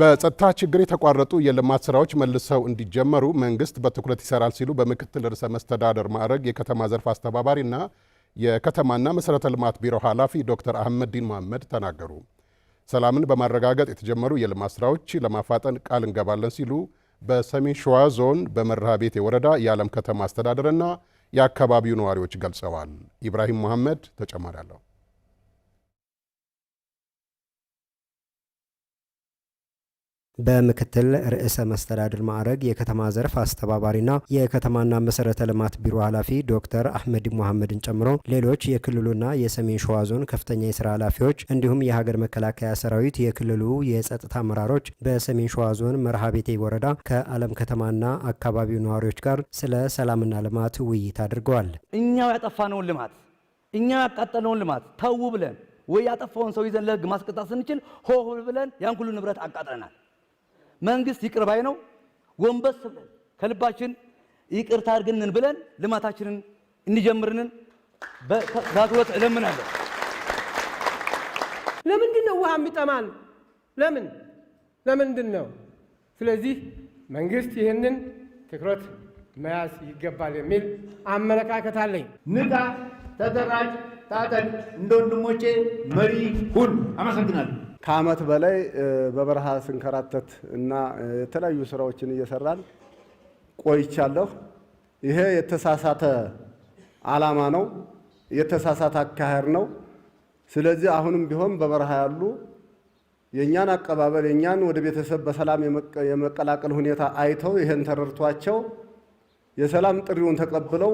በጸጥታ ችግር የተቋረጡ የልማት ስራዎች መልሰው እንዲጀመሩ መንግስት በትኩረት ይሰራል ሲሉ በምክትል ርዕሰ መስተዳደር ማዕረግ የከተማ ዘርፍ አስተባባሪና የከተማና መሠረተ ልማት ቢሮ ኃላፊ ዶክተር አህመዲን መሐመድ ተናገሩ። ሰላምን በማረጋገጥ የተጀመሩ የልማት ስራዎች ለማፋጠን ቃል እንገባለን ሲሉ በሰሜን ሸዋ ዞን በመርሃ ቤቴ ወረዳ የዓለም ከተማ አስተዳደርና የአካባቢው ነዋሪዎች ገልጸዋል። ኢብራሂም መሐመድ ተጨማሪ አለው። በምክትል ርዕሰ መስተዳድር ማዕረግ የከተማ ዘርፍ አስተባባሪና የከተማና መሰረተ ልማት ቢሮ ኃላፊ ዶክተር አህመድ መሐመድን ጨምሮ ሌሎች የክልሉና የሰሜን ሸዋ ዞን ከፍተኛ የስራ ኃላፊዎች እንዲሁም የሀገር መከላከያ ሰራዊት የክልሉ የጸጥታ አመራሮች በሰሜን ሸዋ ዞን መርሃ ቤቴ ወረዳ ከአለም ከተማና አካባቢው ነዋሪዎች ጋር ስለ ሰላምና ልማት ውይይት አድርገዋል። እኛው ያጠፋነውን ልማት እኛው ያቃጠለውን ልማት ተው ብለን ወይ ያጠፋውን ሰው ይዘን ለህግ ማስቀጣት ስንችል ሆ ብለን ያን ሁሉ ንብረት አቃጥለናል። መንግስት ይቅር ባይ ነው። ጎንበስ ብለን ከልባችን ይቅርታ አድርግንን ብለን ልማታችንን እንጀምርንን በአክብሮት እለምናለሁ። ለምንድን ነው ውሃ የሚጠማን? ለምን ለምንድን ነው? ስለዚህ መንግስት ይህንን ትኩረት መያዝ ይገባል የሚል አመለካከት አለኝ። ንቃ፣ ተደራጅ፣ ታጠቅ፣ እንደ ወንድሞቼ መሪ ሁን። አመሰግናለሁ። ከዓመት በላይ በበረሃ ስንከራተት እና የተለያዩ ስራዎችን እየሰራን ቆይቻለሁ። ይሄ የተሳሳተ ዓላማ ነው፣ የተሳሳተ አካሄድ ነው። ስለዚህ አሁንም ቢሆን በበረሃ ያሉ የእኛን አቀባበል የእኛን ወደ ቤተሰብ በሰላም የመቀላቀል ሁኔታ አይተው ይሄን ተረድቷቸው የሰላም ጥሪውን ተቀብለው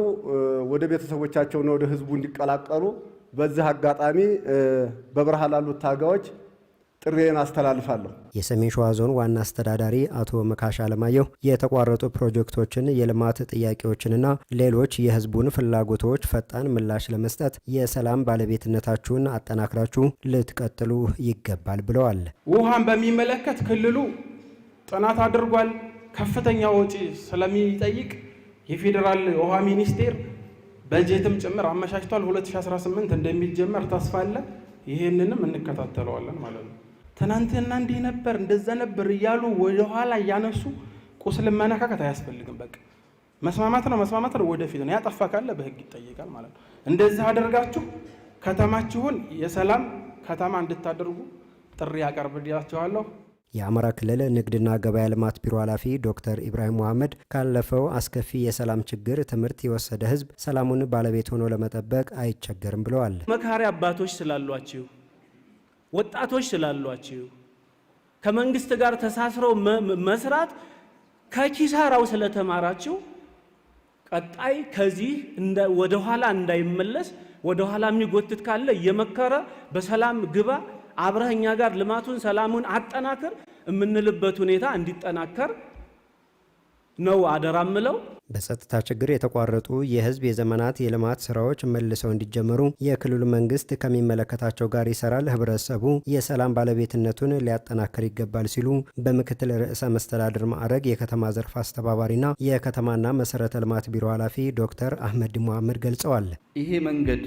ወደ ቤተሰቦቻቸውና ወደ ህዝቡ እንዲቀላቀሉ በዚህ አጋጣሚ በበረሃ ላሉት ታጋዎች ጥሬን አስተላልፋለሁ። የሰሜን ሸዋ ዞን ዋና አስተዳዳሪ አቶ መካሽ አለማየሁ የተቋረጡ ፕሮጀክቶችን፣ የልማት ጥያቄዎችንና ሌሎች የህዝቡን ፍላጎቶች ፈጣን ምላሽ ለመስጠት የሰላም ባለቤትነታችሁን አጠናክራችሁ ልትቀጥሉ ይገባል ብለዋል። ውሃን በሚመለከት ክልሉ ጥናት አድርጓል። ከፍተኛ ወጪ ስለሚጠይቅ የፌዴራል ውሃ ሚኒስቴር በጀትም ጭምር አመቻችቷል። 2018 እንደሚጀመር ተስፋ አለ። ይህንንም እንከታተለዋለን ማለት ነው። ትናንትና እንዲህ ነበር እንደዛ ነበር እያሉ ወደኋላ እያነሱ ቁስል መነካከት አያስፈልግም። በቃ መስማማት ነው መስማማት ነው ወደፊት ነው። ያጠፋ ካለ በህግ ይጠይቃል ማለት ነው። እንደዚህ አደርጋችሁ ከተማችሁን የሰላም ከተማ እንድታደርጉ ጥሪ ያቀርብላችኋለሁ። የአማራ ክልል ንግድና ገበያ ልማት ቢሮ ኃላፊ ዶክተር ኢብራሂም መሐመድ ካለፈው አስከፊ የሰላም ችግር ትምህርት የወሰደ ህዝብ ሰላሙን ባለቤት ሆኖ ለመጠበቅ አይቸገርም ብለዋል። መካሪ አባቶች ስላሏችሁ ወጣቶች ስላሏችሁ ከመንግስት ጋር ተሳስረው መስራት ከኪሳራው ስለተማራችሁ ቀጣይ ከዚህ ወደኋላ እንዳይመለስ ወደኋላ የሚጎትት ካለ እየመከረ በሰላም ግባ፣ አብረኛ ጋር ልማቱን ሰላሙን አጠናክር የምንልበት ሁኔታ እንዲጠናከር ነው አደራ ምለው። በጸጥታ ችግር የተቋረጡ የህዝብ የዘመናት የልማት ስራዎች መልሰው እንዲጀመሩ የክልሉ መንግስት ከሚመለከታቸው ጋር ይሰራል፣ ህብረተሰቡ የሰላም ባለቤትነቱን ሊያጠናክር ይገባል ሲሉ በምክትል ርዕሰ መስተዳድር ማዕረግ የከተማ ዘርፍ አስተባባሪና የከተማና መሰረተ ልማት ቢሮ ኃላፊ ዶክተር አህመድ መሐመድ ገልጸዋል። ይሄ መንገድ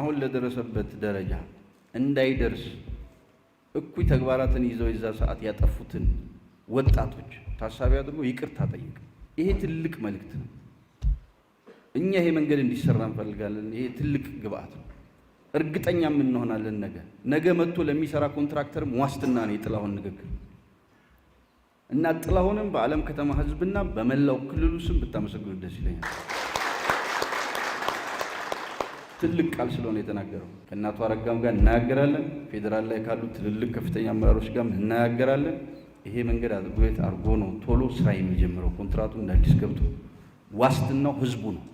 አሁን ለደረሰበት ደረጃ እንዳይደርስ እኩይ ተግባራትን ይዘው የዛ ሰዓት ያጠፉትን ወጣቶች ታሳቢ አድርጎ ይቅርታ ጠይቅ ይሄ ትልቅ መልእክት ነው። እኛ ይሄ መንገድ እንዲሰራ እንፈልጋለን። ይሄ ትልቅ ግብአት ነው። እርግጠኛም እንሆናለን። ነገ ነገ መጥቶ ለሚሰራ ኮንትራክተርም ዋስትና ነው የጥላሁን ንግግር እና ጥላሁንም በዓለም ከተማ ህዝብና በመላው ክልሉ ስም ብታመሰግኑ ደስ ይለኛል። ትልቅ ቃል ስለሆነ የተናገረው ከእናቱ አረጋም ጋር እናያገራለን። ፌዴራል ላይ ካሉ ትልልቅ ከፍተኛ አመራሮች ጋር እናያገራለን። ይሄ መንገድ አድርጎ አድርጎ ነው ቶሎ ስራ የሚጀምረው። ኮንትራቱ እንደ አዲስ ገብቶ ዋስትናው ህዝቡ ነው።